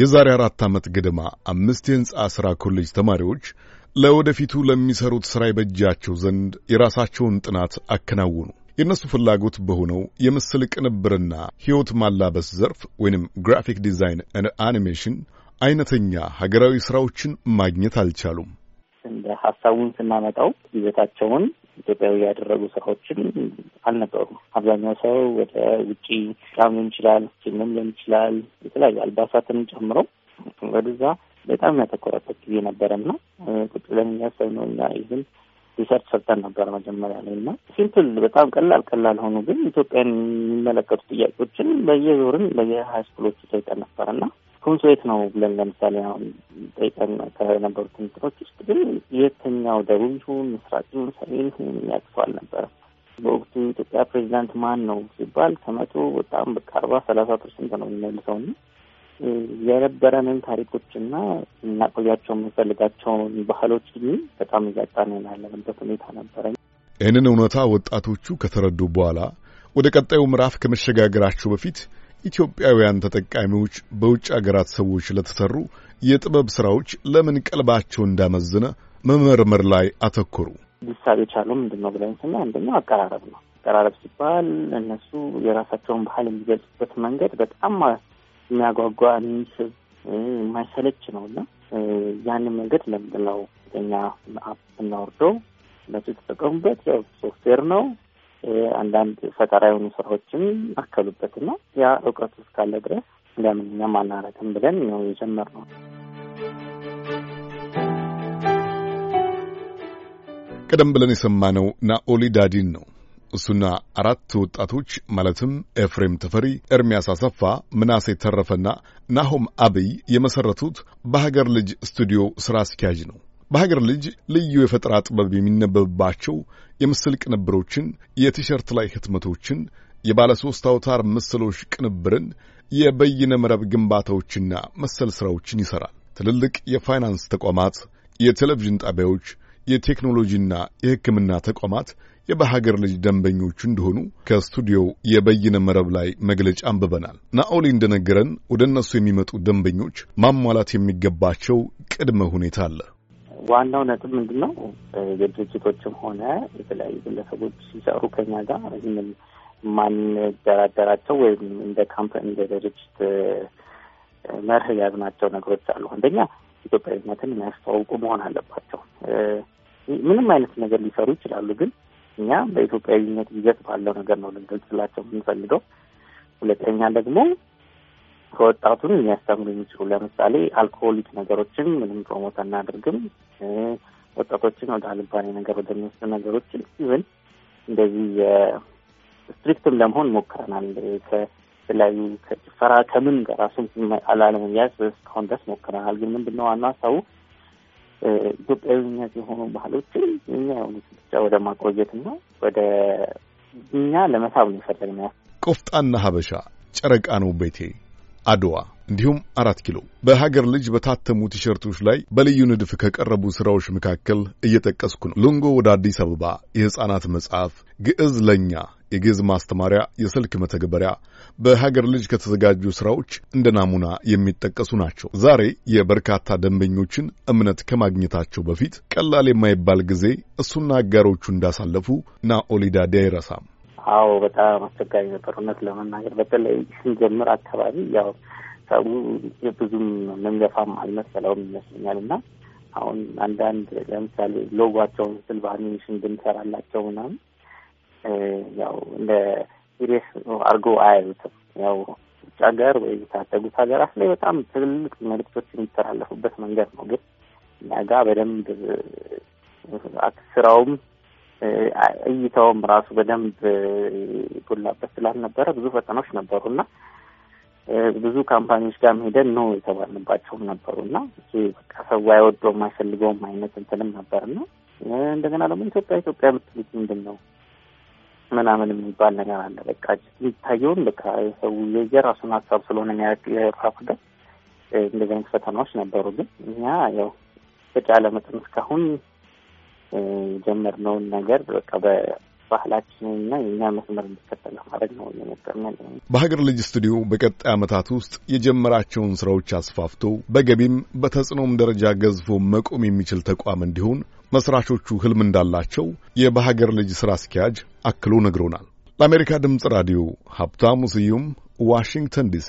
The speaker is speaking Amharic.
የዛሬ አራት ዓመት ገደማ አምስት የሕንፃ ሥራ ኮሌጅ ተማሪዎች ለወደፊቱ ለሚሰሩት ሥራ ይበጃቸው ዘንድ የራሳቸውን ጥናት አከናወኑ። የእነሱ ፍላጎት በሆነው የምስል ቅንብርና ሕይወት ማላበስ ዘርፍ ወይንም ግራፊክ ዲዛይን አኒሜሽን አይነተኛ ሀገራዊ ሥራዎችን ማግኘት አልቻሉም። እንደ ሀሳቡን ስናመጣው ይዘታቸውን ኢትዮጵያዊ ያደረጉ ስራዎችን አልነበሩም። አብዛኛው ሰው ወደ ውጪ ቃም ሊሆን ይችላል፣ ፊልምም ሊሆን ይችላል፣ የተለያዩ አልባሳትን ጨምሮ ወደዛ በጣም ያተኮረበት ጊዜ ነበረና ቁጭ ብለን እያሰብነው እና ይህን ሪሰርች ሰርተን ነበር መጀመሪያ ላይ እና ሲምፕል በጣም ቀላል ቀላል ሆኑ፣ ግን ኢትዮጵያን የሚመለከቱ ጥያቄዎችን በየዞርን ስኩሎች ጠይቀን ነበር እና ኮንሶሌት ነው ብለን ለምሳሌ አሁን ጠይቀን ከነበሩት እንትኖች ውስጥ ግን የትኛው ደቡብ ይሁን ምስራቅ ይሁን ሰሜን ይሁን የሚያቅሰው አልነበረም። በወቅቱ ኢትዮጵያ ፕሬዚዳንት ማን ነው ሲባል ከመቶ በጣም በቃ አርባ ሰላሳ ፐርሰንት ነው የሚመልሰው እና የነበረንን ታሪኮችና እናቆያቸው የምንፈልጋቸውን ባህሎች ግን በጣም እያጣንን ያለንበት ሁኔታ ነበረ። ይህንን እውነታ ወጣቶቹ ከተረዱ በኋላ ወደ ቀጣዩ ምዕራፍ ከመሸጋገራቸው በፊት ኢትዮጵያውያን ተጠቃሚዎች በውጭ አገራት ሰዎች ለተሰሩ የጥበብ ስራዎች ለምን ቀልባቸው እንዳመዝነ መመርመር ላይ አተኮሩ። ሊሳብ የቻለው ምንድን ነው ብለን ስና አንደኛው አቀራረብ ነው። አቀራረብ ሲባል እነሱ የራሳቸውን ባህል የሚገልጹበት መንገድ በጣም የሚያጓጓ የሚስብ የማይሰለች ነው እና ያንን መንገድ ለምንድን ነው እኛ አፕ እናወርደው እነሱ የተጠቀሙበት ሶፍትዌር ነው አንዳንድ ፈጠራ የሆኑ ስራዎችም አከሉበትና ያ እውቀቱ እስካለ ድረስ ለምን እኛም አናረግም ብለን ነው የጀመርነው። ቀደም ብለን የሰማነው ናኦሊ ዳዲን ነው። እሱና አራት ወጣቶች ማለትም ኤፍሬም ተፈሪ፣ ኤርሚያስ አሰፋ፣ ምናሴ ተረፈና ናሆም አብይ የመሠረቱት በሀገር ልጅ ስቱዲዮ ሥራ አስኪያጅ ነው። በሀገር ልጅ ልዩ የፈጠራ ጥበብ የሚነበብባቸው የምስል ቅንብሮችን፣ የቲሸርት ላይ ህትመቶችን፣ የባለ ሦስት አውታር ምስሎች ቅንብርን፣ የበይነ መረብ ግንባታዎችና መሰል ሥራዎችን ይሠራል። ትልልቅ የፋይናንስ ተቋማት፣ የቴሌቪዥን ጣቢያዎች፣ የቴክኖሎጂና የሕክምና ተቋማት የበሀገር ልጅ ደንበኞቹ እንደሆኑ ከስቱዲዮው የበይነ መረብ ላይ መግለጫ አንብበናል። ናኦሊ እንደነገረን ወደ እነሱ የሚመጡ ደንበኞች ማሟላት የሚገባቸው ቅድመ ሁኔታ አለ። ዋናው ነጥብ ምንድን ነው? የድርጅቶችም ሆነ የተለያዩ ግለሰቦች ሲሰሩ ከኛ ጋር ይህንን ማንደራደራቸው ወይም እንደ ካምፓኒ እንደ ድርጅት መርህ ያዝናቸው ነገሮች አሉ። አንደኛ ኢትዮጵያዊነትን የሚያስተዋውቁ መሆን አለባቸው። ምንም አይነት ነገር ሊሰሩ ይችላሉ፣ ግን እኛ በኢትዮጵያዊነት ይዘት ባለው ነገር ነው ልንገልጽላቸው የምንፈልገው። ሁለተኛ ደግሞ ከወጣቱን የሚያስተምሩ የሚችሉ ለምሳሌ አልኮሆሊክ ነገሮችን ምንም ፕሮሞት አናደርግም። ወጣቶችን ወደ አልባሌ ነገር ወደሚወስዱ ነገሮችን ኢቨን እንደዚህ ስትሪክትም ለመሆን ሞክረናል። ከተለያዩ ከጭፈራ ከምን ራሱ አላለመያዝ እስካሁን ድረስ ሞክረናል። ግን ምንድን ነው ዋና ሰው ኢትዮጵያዊነት የሆኑ ባህሎችን እኛ የሆኑት ብቻ ወደ ማቆየት ማቆየትና ወደ እኛ ለመሳብ ነው የፈለግነው። ቆፍጣና ሀበሻ ጨረቃ ነው ቤቴ አድዋ እንዲሁም አራት ኪሎ በሀገር ልጅ በታተሙ ቲሸርቶች ላይ በልዩ ንድፍ ከቀረቡ ስራዎች መካከል እየጠቀስኩ ነው። ሎንጎ ወደ አዲስ አበባ የሕፃናት መጽሐፍ፣ ግዕዝ ለእኛ የግዕዝ ማስተማሪያ የስልክ መተግበሪያ በሀገር ልጅ ከተዘጋጁ ስራዎች እንደ ናሙና የሚጠቀሱ ናቸው። ዛሬ የበርካታ ደንበኞችን እምነት ከማግኘታቸው በፊት ቀላል የማይባል ጊዜ እሱና አጋሮቹ እንዳሳለፉ ናኦሊዳዲ አይረሳም። አዎ በጣም አስቸጋሪ ነበር። እውነት ለመናገር በተለይ ስንጀምር አካባቢ ያው ሰው ብዙም መንገፋም አልመሰለውም ይመስለኛል እና አሁን አንዳንድ ለምሳሌ ሎጓቸውን ስል በአኒሜሽን ብንሰራላቸው ምናምን ያው እንደ ሲሪየስ አርጎ አያዩትም። ያው ውጭ ሀገር ወይ የታደጉት ሀገራት ላይ በጣም ትልልቅ መልክቶች የሚተላለፉበት መንገድ ነው። ግን እኛ በደንብ ስራውም እይታውም ራሱ በደንብ ይጎላበት ስላልነበረ ብዙ ፈተናዎች ነበሩ ነበሩና ብዙ ካምፓኒዎች ጋር ሄደን ኖ የተባልንባቸውም ነበሩ ነበሩና በቃ ሰው አይወደውም አይፈልገውም አይነት እንትንም ነበር ነበርና እንደገና ደግሞ ኢትዮጵያ ኢትዮጵያ የምትሉት ምንድን ነው ምናምን የሚባል ነገር አለ። በቃ የሚታየውን በቃ የሰው የራሱን ሀሳብ ስለሆነ የሚያራፍደው እንደዚህ አይነት ፈተናዎች ነበሩ። ግን እኛ ያው በጫለ መጠን እስካሁን የጀመርነውን ነገር በቃ ባህላችንና የእኛ መስመር እንዲከተል ማድረግ ነው የሞከርነው። በሀገር ልጅ ስቱዲዮ በቀጣይ ዓመታት ውስጥ የጀመራቸውን ስራዎች አስፋፍቶ በገቢም በተጽዕኖም ደረጃ ገዝፎ መቆም የሚችል ተቋም እንዲሆን መስራቾቹ ህልም እንዳላቸው የበሀገር ልጅ ስራ አስኪያጅ አክሎ ነግሮናል። ለአሜሪካ ድምፅ ራዲዮ ሀብታሙ ስዩም ዋሽንግተን ዲሲ